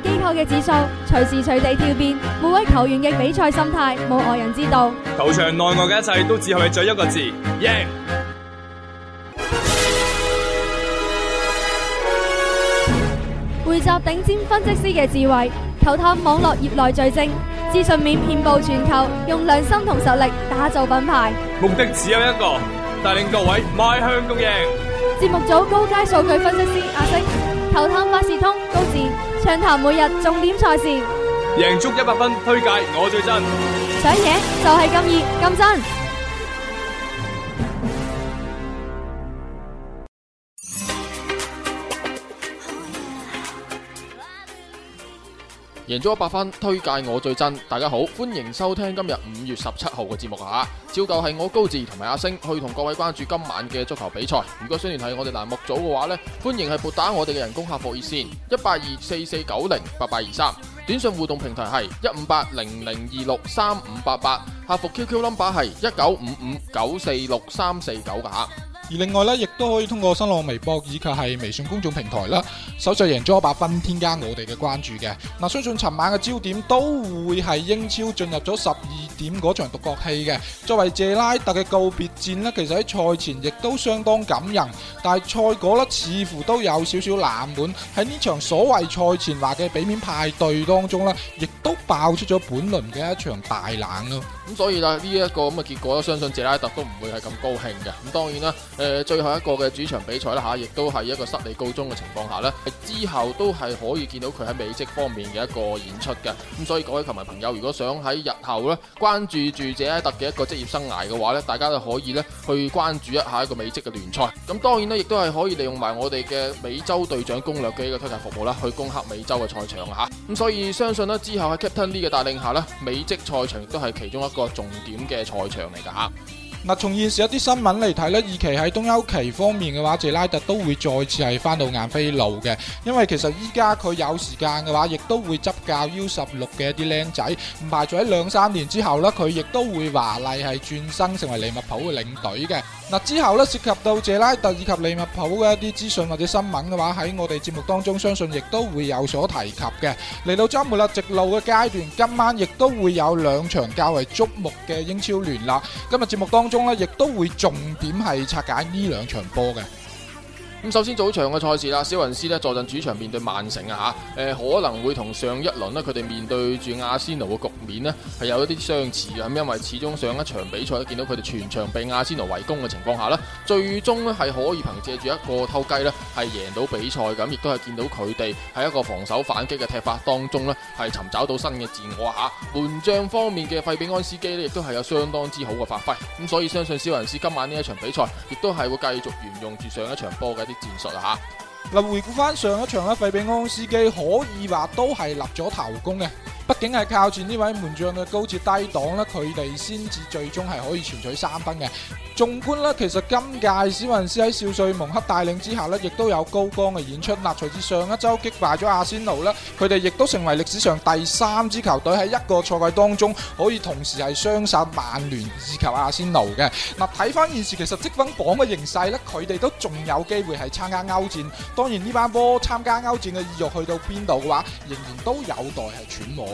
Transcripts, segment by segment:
機構嘅指數隨時隨地跳變，每位球員嘅比賽心態冇外人知道。球場內外嘅一切都只係為咗一個字：贏。匯集頂尖分析師嘅智慧，球探網絡業內最精，資訊面遍布全球，用良心同實力打造品牌。目的只有一個，帶領各位邁向共贏。節目組高階數據分析師阿星，球探萬事通高智。暢談每日重點賽事，贏足一百分，推介我最真，想嘢就係咁熱咁真。贏咗一百分，推介我最真。大家好，歡迎收聽今日五月十七號嘅節目啊！照舊係我高志同埋阿星去同各位關注今晚嘅足球比賽。如果想聯繫我哋欄目組嘅話呢，歡迎係撥打我哋嘅人工客服熱線一八二四四九零八八二三，短信互動平台係一五八零零二六三五八八，88, 客服 QQ number 係一九五五九四六三四九噶吓。而另外咧，亦都可以通過新浪微博以及係微信公眾平台啦，搜索贏咗一百分，添加我哋嘅關注嘅。嗱，相信尋晚嘅焦點都會係英超進入咗十二點嗰場獨角戲嘅。作為謝拉特嘅告別戰呢，其實喺賽前亦都相當感人，但係賽果呢，似乎都有少少冷門。喺呢場所謂賽前話嘅俾面派對當中呢，亦都爆出咗本輪嘅一場大冷咯。咁所以啦，呢、這、一個咁嘅結果咧，相信謝拉特都唔會係咁高興嘅。咁當然啦。誒最後一個嘅主場比賽啦嚇，亦都係一個失利告終嘅情況下咧，之後都係可以見到佢喺美職方面嘅一個演出嘅。咁所以各位球迷朋友，如果想喺日後咧關注住傑克特嘅一個職業生涯嘅話咧，大家都可以咧去關注一下一個美職嘅聯賽。咁當然咧，亦都係可以利用埋我哋嘅美洲隊長攻略嘅一個推介服務啦，去攻克美洲嘅賽場啊嚇。咁所以相信咧，之後喺 Captain Lee 嘅帶領下咧，美職賽場亦都係其中一個重點嘅賽場嚟㗎嚇。嗱，從現時一啲新聞嚟睇咧，二期喺冬休期方面嘅話，謝拉特都會再次係返到晏菲路嘅，因為其實依家佢有時間嘅話，亦都會執教 U 十六嘅一啲靚仔，唔排除喺兩三年之後咧，佢亦都會華麗係轉身成為利物浦嘅領隊嘅。嗱，之後咧涉及到謝拉特以及利物浦嘅一啲資訊或者新聞嘅話，喺我哋節目當中，相信亦都會有所提及嘅。嚟到週末啦，直路嘅階段，今晚亦都會有兩場較為矚目嘅英超聯那。今日節目當中，亦都會重點係拆解呢兩場波嘅。咁首先早場嘅賽事啦，肖雲斯咧坐陣主場面對曼城啊吓，誒可能會同上一輪咧佢哋面對住阿仙奴嘅局面咧係有一啲相似嘅，係因為始終上一場比賽見到佢哋全場被阿仙奴圍攻嘅情況下啦，最終咧係可以憑借住一個偷雞咧係贏到比賽，咁亦都係見到佢哋喺一個防守反擊嘅踢法當中咧係尋找到新嘅自我吓。門將方面嘅費比安斯基咧亦都係有相當之好嘅發揮，咁所以相信肖雲斯今晚呢一場比賽亦都係會繼續沿用住上一場波嘅戰術啊吓，嗱，回顧翻上一場咧，費比安斯基可以話都係立咗頭功嘅。畢竟係靠住呢位門將嘅高接低擋呢，佢哋先至最終係可以全取三分嘅。縱觀呢，其實今屆史雲斯喺少帥蒙克帶領之下呢，亦都有高光嘅演出。嗱，甚至上一周擊敗咗阿仙奴啦，佢哋亦都成為歷史上第三支球隊，喺一個賽季當中，可以同時係雙殺曼聯以及阿仙奴嘅。嗱，睇翻現時其實積分榜嘅形勢呢，佢哋都仲有機會係參加歐戰。當然呢班波參加歐戰嘅意慾去到邊度嘅話，仍然都有待係揣摩。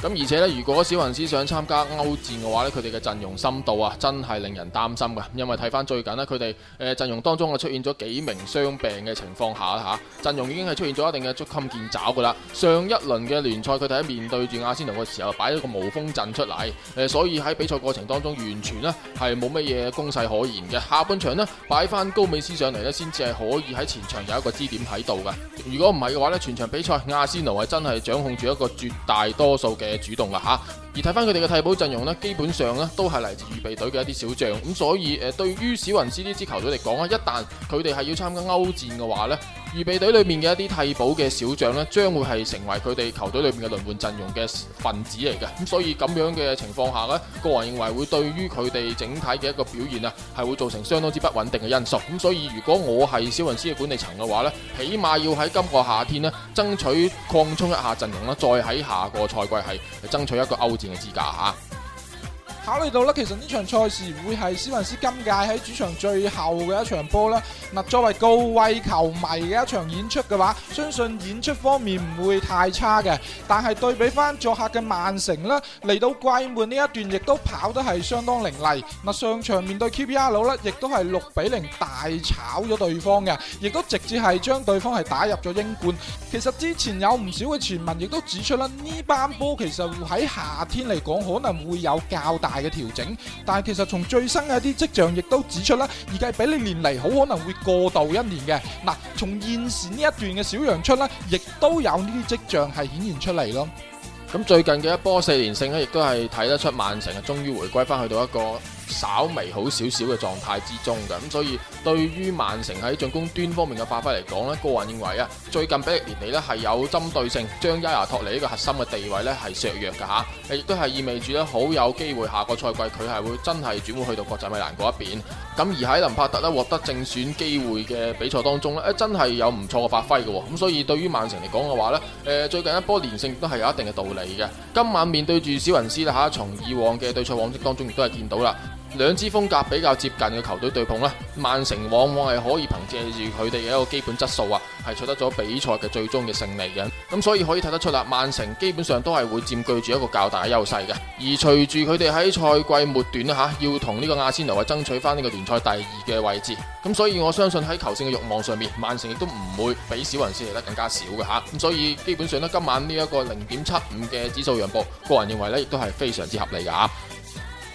咁而且咧，如果小雲斯想參加歐戰嘅話，咧，佢哋嘅陣容深度啊，真係令人擔心嘅。因為睇翻最近呢，佢哋誒陣容當中啊出現咗幾名傷病嘅情況下吓陣、啊、陣容已經係出現咗一定嘅捉襟見肘噶啦。上一輪嘅聯賽，佢哋喺面對住阿仙奴嘅時候擺咗個無鋒陣出嚟，呃，所以喺比賽過程當中完全呢係冇乜嘢攻勢可言嘅。下半場呢，擺翻高美斯上嚟呢先至係可以喺前場有一個支點喺度嘅。如果唔係嘅話呢，全場比賽阿仙奴係真係掌控住一個絕大多數嘅。誒，主動噶吓，而睇翻佢哋嘅替補陣容呢，基本上咧都係嚟自預備隊嘅一啲小將，咁所以誒，對於史雲斯呢支球隊嚟講啊，一旦佢哋係要參加歐戰嘅話呢。預備隊裏面嘅一啲替補嘅小將咧，將會係成為佢哋球隊裏面嘅輪換陣容嘅分子嚟嘅，咁所以咁樣嘅情況下咧，個人認為會對於佢哋整體嘅一個表現啊，係會造成相當之不穩定嘅因素，咁所以如果我係小雲斯嘅管理層嘅話咧，起碼要喺今個夏天咧，爭取擴充一下陣容啦，再喺下個賽季係爭取一個歐戰嘅資格吓。考慮到啦，其實呢場賽事會係史雲斯今屆喺主場最後嘅一場波啦。嗱，作為高位球迷嘅一場演出嘅話，相信演出方面唔會太差嘅。但係對比翻作客嘅曼城啦，嚟到季末呢一段亦都跑得係相當凌厲。嗱，上場面對 QPR 啦，亦都係六比零大炒咗對方嘅，亦都直接係將對方係打入咗英冠。其實之前有唔少嘅傳聞，亦都指出啦，呢班波其實喺夏天嚟講可能會有較大嘅調整，但係其實從最新嘅一啲跡象，亦都指出啦，而家比你年嚟好可能會過渡一年嘅。嗱，從現時呢一段嘅小陽春啦，亦都有呢啲跡象係顯現出嚟咯。咁最近嘅一波四連勝咧，亦都係睇得出曼城啊，終於回歸返去到一個。稍微好少少嘅狀態之中嘅，咁所以對於曼城喺進攻端方面嘅發揮嚟講呢，個人認為啊，最近比利連尼咧，係有針對性將伊亞托尼呢個核心嘅地位咧，係削弱嘅嚇，亦都係意味住咧，好有機會下個賽季佢係會真係轉會去到國際米蘭嗰一邊。咁而喺林柏特呢獲得正選機會嘅比賽當中咧，真係有唔錯嘅發揮嘅。咁所以對於曼城嚟講嘅話呢，誒最近一波連勝都係有一定嘅道理嘅。今晚面對住小雲斯咧嚇，從以往嘅對賽往績當中亦都係見到啦。兩支風格比較接近嘅球隊對碰啦，曼城往往係可以憑藉住佢哋嘅一個基本質素啊，係取得咗比賽嘅最終嘅勝利嘅。咁所以可以睇得出啦，曼城基本上都係會佔據住一個較大嘅優勢嘅。而隨住佢哋喺賽季末段啦嚇，要同呢個亞仙奴啊爭取翻呢個聯賽第二嘅位置。咁所以我相信喺求勝嘅欲望上面，曼城亦都唔會比小雲斯嚟得更加少嘅嚇。咁所以基本上咧，今晚呢一個零點七五嘅指數讓步，個人認為呢亦都係非常之合理嘅嚇。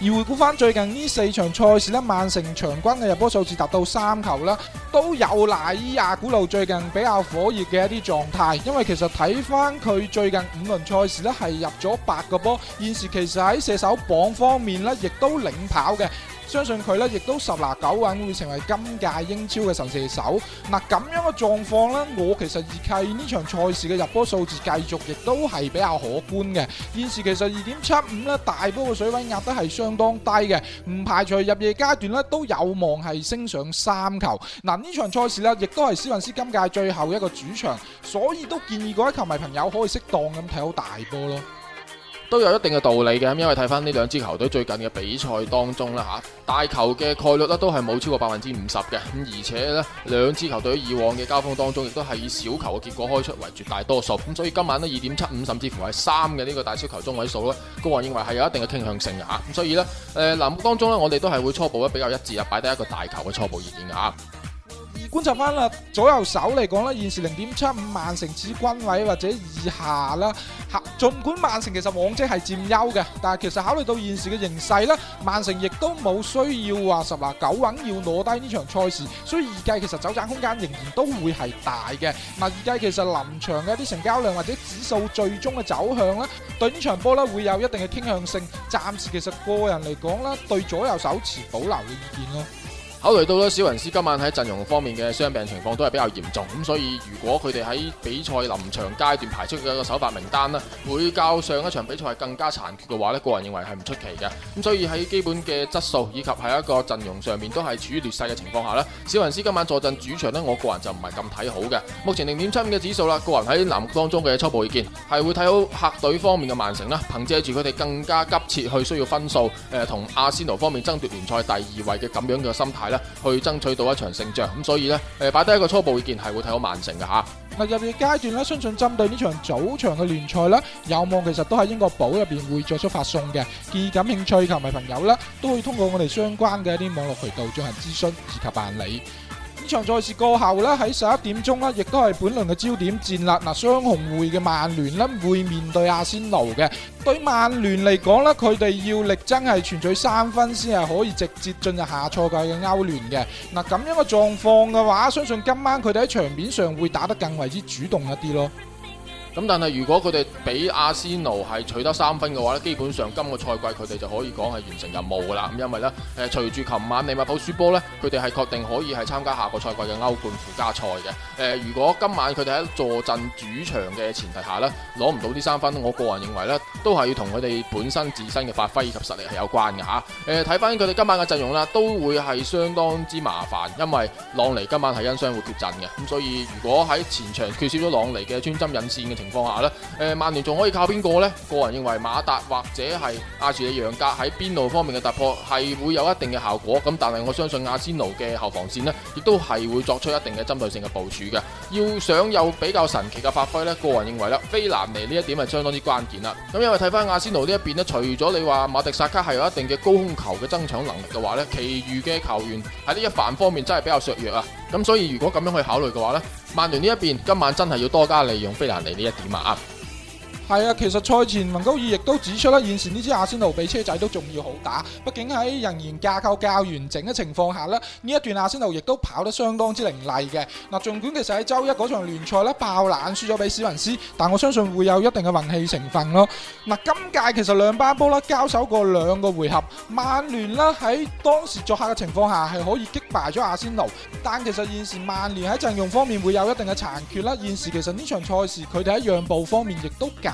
而回顧翻最近呢四場賽事咧，曼城場均嘅入波數字達到三球啦，都有賴於亞古路最近比較火熱嘅一啲狀態，因為其實睇翻佢最近五輪賽事咧係入咗八個波，現時其實喺射手榜方面咧亦都領跑嘅。相信佢咧，亦都十拿九穩會成為今屆英超嘅神射手。嗱，咁樣嘅狀況呢，我其實預計呢場賽事嘅入波數字繼續亦都係比較可觀嘅。現時其實二點七五呢大波嘅水位壓得係相當低嘅，唔排除入夜階段呢都有望係升上三球。嗱，呢場賽事呢亦都係斯文斯今屆最後一個主場，所以都建議各位球迷朋友可以適當咁睇好大波咯。都有一定嘅道理嘅，咁因為睇翻，呢兩支球隊最近嘅比賽當中啦吓，大球嘅概率咧都係冇超過百分之五十嘅，咁而且咧兩支球隊以往嘅交鋒當中，亦都係以小球嘅結果開出為絕大多數，咁所以今晚咧二點七五甚至乎係三嘅呢個大小球中位數啦，高華認為係有一定嘅傾向性嘅吓，咁所以咧，誒、呃，欄目當中咧，我哋都係會初步咧比較一致啊，擺低一個大球嘅初步意見嘅吓。觀察翻啦，左右手嚟講咧，現時零點七五曼城至均位或者以下啦，合盡管曼城其實往績係佔優嘅，但係其實考慮到現時嘅形勢咧，曼城亦都冇需要話十拿九穩要攞低呢場賽事，所以預計其實走賺空間仍然都會係大嘅。嗱，預計其實臨場嘅一啲成交量或者指數最終嘅走向咧，對呢場波咧會有一定嘅傾向性。暫時其實個人嚟講咧，對左右手持保留嘅意見咯。考慮到啦，史雲斯今晚喺陣容方面嘅傷病情況都係比較嚴重，咁所以如果佢哋喺比賽臨場階段排出嘅一個首發名單啦，會較上一場比賽更加殘缺嘅話咧，個人認為係唔出奇嘅。咁所以喺基本嘅質素以及喺一個陣容上面都係處於劣勢嘅情況下咧，史雲斯今晚坐鎮主場咧，我個人就唔係咁睇好嘅。目前零點七五嘅指數啦，個人喺欄目當中嘅初步意見係會睇好客隊方面嘅曼城啦，憑藉住佢哋更加急切去需要分數，誒、呃、同阿仙奴方面爭奪聯賽第二位嘅咁樣嘅心態。去爭取到一場勝仗，咁所以呢，誒，擺低一個初步意見係會睇好曼城嘅吓。嗱，入面階段呢，相信針對呢場早場嘅聯賽咧，有望其實都喺英國寶入邊會作出發送嘅，建議感興趣球迷朋友咧，都可以通過我哋相關嘅一啲網絡渠道進行諮詢以及辦理。呢場賽事過後咧，喺十一點鐘咧，亦都係本輪嘅焦點戰啦。嗱，雙紅會嘅曼聯咧，會面對阿仙奴嘅。對曼聯嚟講咧，佢哋要力爭係取得三分，先係可以直接進入下賽季嘅歐聯嘅。嗱，咁樣嘅狀況嘅話，相信今晚佢哋喺場面上會打得更為之主動一啲咯。咁但係如果佢哋俾阿仙奴係取得三分嘅話咧，基本上今個賽季佢哋就可以講係完成任務噶啦。咁因為咧，誒隨住琴晚利物浦輸波咧，佢哋係確定可以係參加下個賽季嘅歐冠附加賽嘅。誒、呃，如果今晚佢哋喺坐鎮主場嘅前提下咧，攞唔到啲三分，我個人認為咧，都係要同佢哋本身自身嘅發揮以及實力係有關嘅吓。誒、呃，睇翻佢哋今晚嘅陣容啦，都會係相當之麻煩，因為朗尼今晚係因傷會缺陣嘅。咁所以如果喺前場缺少咗朗尼嘅穿針引線嘅情況下咧，誒，曼聯仲可以靠邊個呢？個人認為馬達或者係阿治嘅楊格喺邊路方面嘅突破係會有一定嘅效果。咁但係我相信阿仙奴嘅後防線呢，亦都係會作出一定嘅針對性嘅部署嘅。要想有比較神奇嘅發揮呢，個人認為菲蘭尼呢一點係相當之關鍵啦。咁因為睇翻阿仙奴呢一邊，除咗你話馬迪薩卡係有一定嘅高空球嘅爭搶能力嘅話呢，其餘嘅球員喺呢一範方面真係比較削弱啊。咁所以如果咁樣去考慮嘅話咧，曼聯呢一邊今晚真係要多加利用菲蘭尼呢一點啊！係啊，其實賽前雲高爾亦都指出啦，現時呢支阿仙奴比車仔都仲要好打，畢竟喺人員架構較完整嘅情況下啦，呢一段阿仙奴亦都跑得相當之凌厲嘅。嗱，盡管其實喺周一嗰場聯賽啦爆冷輸咗俾史雲斯，但我相信會有一定嘅運氣成分咯。嗱，今屆其實兩班波啦交手過兩個回合，曼聯啦喺當時作客嘅情況下係可以擊敗咗阿仙奴，但其實現時曼聯喺陣容方面會有一定嘅殘缺啦。現時其實呢場賽事佢哋喺讓步方面亦都夾。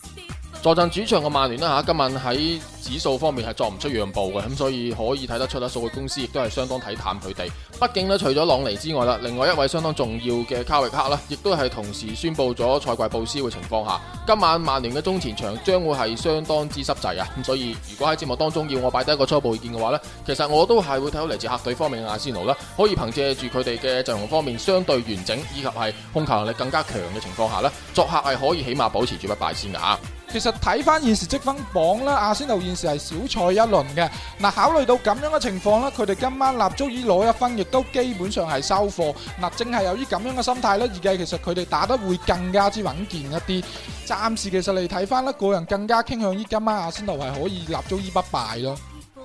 坐陣主場嘅曼聯啦，嚇，今晚喺指數方面係作唔出讓步嘅，咁所以可以睇得出啦。數據公司亦都係相當睇淡佢哋。畢竟咧，除咗朗尼之外啦，另外一位相當重要嘅卡域克啦，亦都係同時宣布咗賽季報銷嘅情況下，今晚曼聯嘅中前場將會係相當之濕滯啊。咁所以如果喺節目當中要我擺低一個初步意見嘅話呢，其實我都係會睇到嚟自客隊方面嘅阿仙奴啦，可以憑借住佢哋嘅陣容方面相對完整，以及係控球能力更加強嘅情況下呢，作客係可以起碼保持住不敗先㗎。其實睇翻現時積分榜咧，阿仙奴現時係少賽一輪嘅。嗱，考慮到咁樣嘅情況咧，佢哋今晚立足於攞一分，亦都基本上係收貨。嗱，正係由於咁樣嘅心態咧，預計其實佢哋打得會更加之穩健一啲。暫時其實你睇翻咧，個人更加傾向於今晚阿仙奴係可以立足於不敗咯。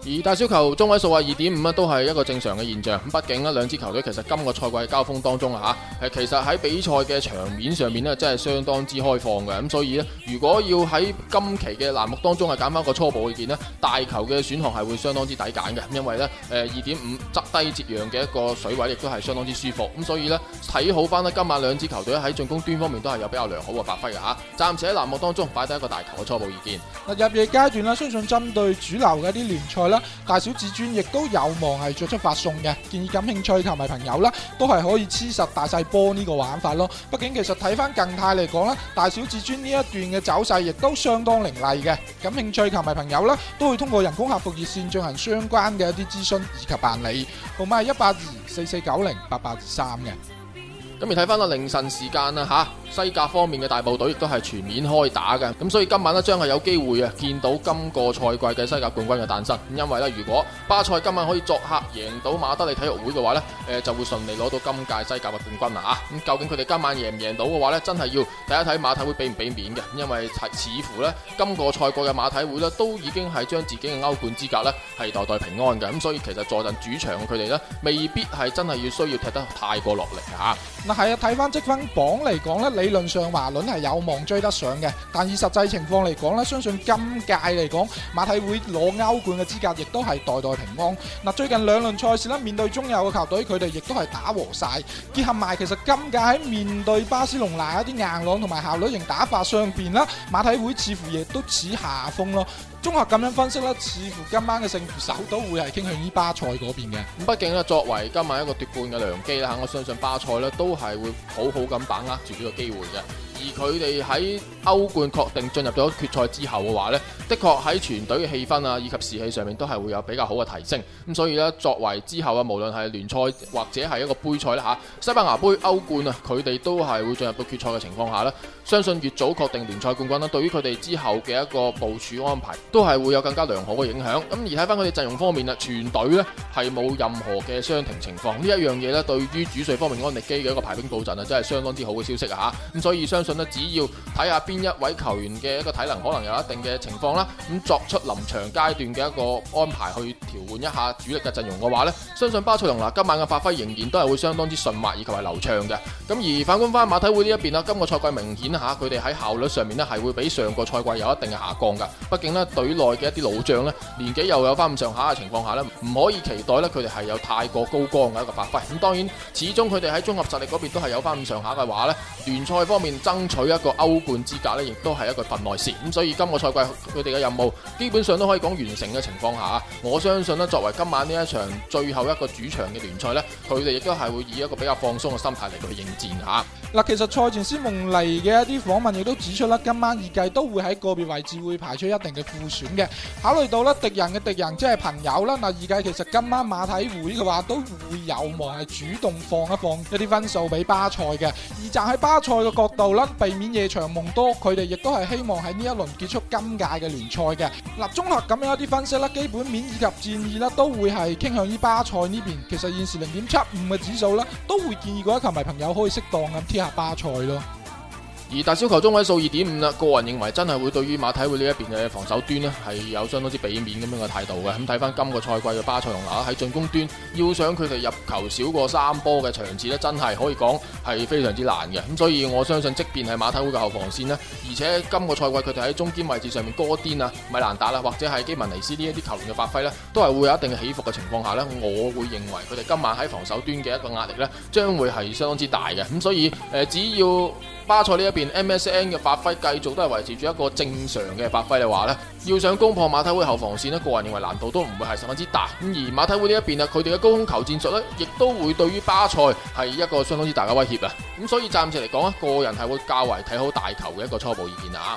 而大小球中位數啊二點五啊都係一個正常嘅現象，咁畢竟咧兩支球隊其實今個賽季嘅交鋒當中吓，誒其實喺比賽嘅場面上面咧真係相當之開放嘅，咁所以咧如果要喺今期嘅欄目當中係揀翻個初步意見咧，大球嘅選項係會相當之抵揀嘅，因為咧誒二點五執低折讓嘅一個水位亦都係相當之舒服，咁所以咧睇好翻咧今晚兩支球隊喺進攻端方面都係有比較良好嘅發揮嘅吓，暫時喺欄目當中擺低一個大球嘅初步意見。嗱入夜階段啦，相信針對主流嘅一啲聯賽咧。大小至尊亦都有望係作出發送嘅，建議感興趣球迷朋友啦，都係可以黐實大細波呢個玩法咯。畢竟其實睇翻近太嚟講啦，大小至尊呢一段嘅走勢亦都相當凌厲嘅，感興趣球迷朋友啦，都會通過人工客服熱線進行相關嘅一啲諮詢以及辦理，號碼係一八二四四九零八八三嘅。咁而睇翻個凌晨時間啦吓，西甲方面嘅大部隊亦都係全面開打嘅，咁所以今晚呢，將係有機會啊見到今個賽季嘅西甲冠軍嘅誕生。因為呢，如果巴塞今晚可以作客贏到馬德里體育會嘅話呢，誒就會順利攞到今屆西甲嘅冠軍啦。咁究竟佢哋今晚贏唔贏到嘅話呢，真係要睇一睇馬體會俾唔俾面嘅，因為似乎呢，今個賽季嘅馬體會呢，都已經係將自己嘅歐冠資格呢係代代平安嘅，咁所以其實坐陣主場佢哋呢未必係真係要需要踢得太過落力。嗱係啊，睇翻積分榜嚟講呢，理論上華倫係有望追得上嘅，但以實際情況嚟講咧，相信今屆嚟講，馬體會攞歐冠嘅資格，亦都係代代平安。嗱，最近兩輪賽事咧，面對中游嘅球隊，佢哋亦都係打和晒。結合埋其實今屆喺面對巴塞隆拿一啲硬朗同埋效率型打法上邊啦，馬體會似乎亦都似下風咯。綜合咁樣分析咧，似乎今晚嘅勝負手都會係傾向於巴塞嗰邊嘅。咁畢竟咧，作為今晚一個奪冠嘅良機啦，我相信巴塞咧都。係會好好咁把握住呢個機會嘅。而佢哋喺歐冠確定進入咗決賽之後嘅話咧，的確喺全隊嘅氣氛啊以及士氣上面都係會有比較好嘅提升。咁所以咧，作為之後啊，無論係聯賽或者係一個杯賽咧吓，西班牙杯、歐冠啊，佢哋都係會進入到決賽嘅情況下咧，相信越早確定聯賽冠軍啦，對於佢哋之後嘅一個部署安排都係會有更加良好嘅影響。咁而睇翻佢哋陣容方面啊，全隊咧係冇任何嘅傷停情況，呢一樣嘢咧，對於主帥方面安歷基嘅一個排兵布陣啊，真係相當之好嘅消息啊吓。咁所以相信相信只要睇下邊一位球員嘅一個體能可能有一定嘅情況啦，咁作出臨場階段嘅一個安排去調換一下主力嘅陣容嘅話咧，相信巴塞隆拿今晚嘅發揮仍然都係會相當之順滑以及係流暢嘅。咁而反觀翻馬體會呢一邊啦，今個賽季明顯吓，佢哋喺效率上面咧係會比上個賽季有一定嘅下降㗎。畢竟咧隊內嘅一啲老將咧年紀又有翻咁上下嘅情況下咧，唔可以期待咧佢哋係有太過高光嘅一個發揮。咁當然，始終佢哋喺綜合實力嗰邊都係有翻咁上下嘅話咧，聯賽方面爭爭取一個歐冠資格咧，亦都係一個分內事咁，所以今個賽季佢哋嘅任務基本上都可以講完成嘅情況下啊，我相信咧，作為今晚呢一場最後一個主場嘅聯賽咧，佢哋亦都係會以一個比較放鬆嘅心態嚟到去應戰吓。嗱，其實賽前施蒙尼嘅一啲訪問亦都指出啦，今晚預計都會喺個別位置會排出一定嘅副選嘅。考慮到咧敵人嘅敵人即係朋友啦，嗱，預計其實今晚馬體會嘅話都會有望係主動放一放一啲分數俾巴塞嘅，而站喺巴塞嘅角度咧。避免夜長夢多，佢哋亦都係希望喺呢一輪結束今屆嘅聯賽嘅。嗱，綜合咁樣一啲分析啦，基本面以及戰意啦，都會係傾向於巴塞呢邊。其實現時零點七五嘅指數啦，都會建議嗰啲球迷朋友可以適當咁踢下巴塞咯。而大小球中位數二點五啦，個人認為真係會對於馬體會呢一邊嘅防守端咧係有相當之避免咁樣嘅態度嘅。咁睇翻今個賽季嘅巴塞羅那喺進攻端，要想佢哋入球少過三波嘅場次咧，真係可以講係非常之難嘅。咁所以我相信，即便係馬體會嘅後防綫咧，而且今個賽季佢哋喺中堅位置上面哥顛啊、米蘭達啦，或者係基文尼斯呢一啲球員嘅發揮咧，都係會有一定嘅起伏嘅情況下咧，我會認為佢哋今晚喺防守端嘅一個壓力咧，將會係相當之大嘅。咁所以誒、呃，只要巴塞呢一邊 MSN 嘅發揮繼續都係維持住一個正常嘅發揮嘅話咧，要想攻破馬體會後防線咧，個人認為難度都唔會係十分之大。而馬體會呢一邊咧，佢哋嘅高空球戰術咧，亦都會對於巴塞係一個相當之大嘅威脅啊。咁所以暫時嚟講啊，個人係會較為睇好大球嘅一個初步意見啊。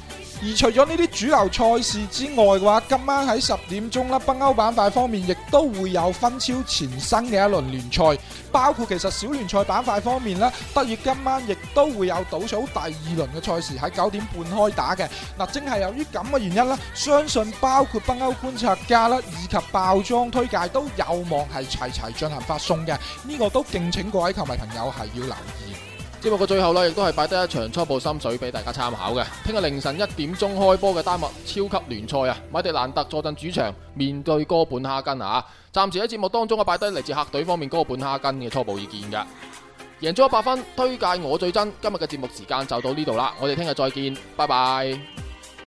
而除咗呢啲主流賽事之外嘅話，今晚喺十點鐘啦，北歐板塊方面亦都會有分超前生嘅一輪聯賽，包括其實小聯賽板塊方面咧，德乙今晚亦都會有倒數第二輪嘅賽事喺九點半開打嘅。嗱，正係由於咁嘅原因咧，相信包括北歐觀察家啦以及爆裝推介都有望係齊齊進行發送嘅，呢個都敬請各位球迷朋友係要留意。節目嘅最後呢，亦都係擺低一場初步心水俾大家參考嘅。聽日凌晨一點鐘開波嘅丹麥超級聯賽啊，米迪蘭特坐鎮主場面對哥本哈根啊。暫時喺節目當中啊，擺低嚟自客隊方面哥本哈根嘅初步意見嘅。贏咗一百分，推介我最真。今日嘅節目時間就到呢度啦，我哋聽日再見，拜拜。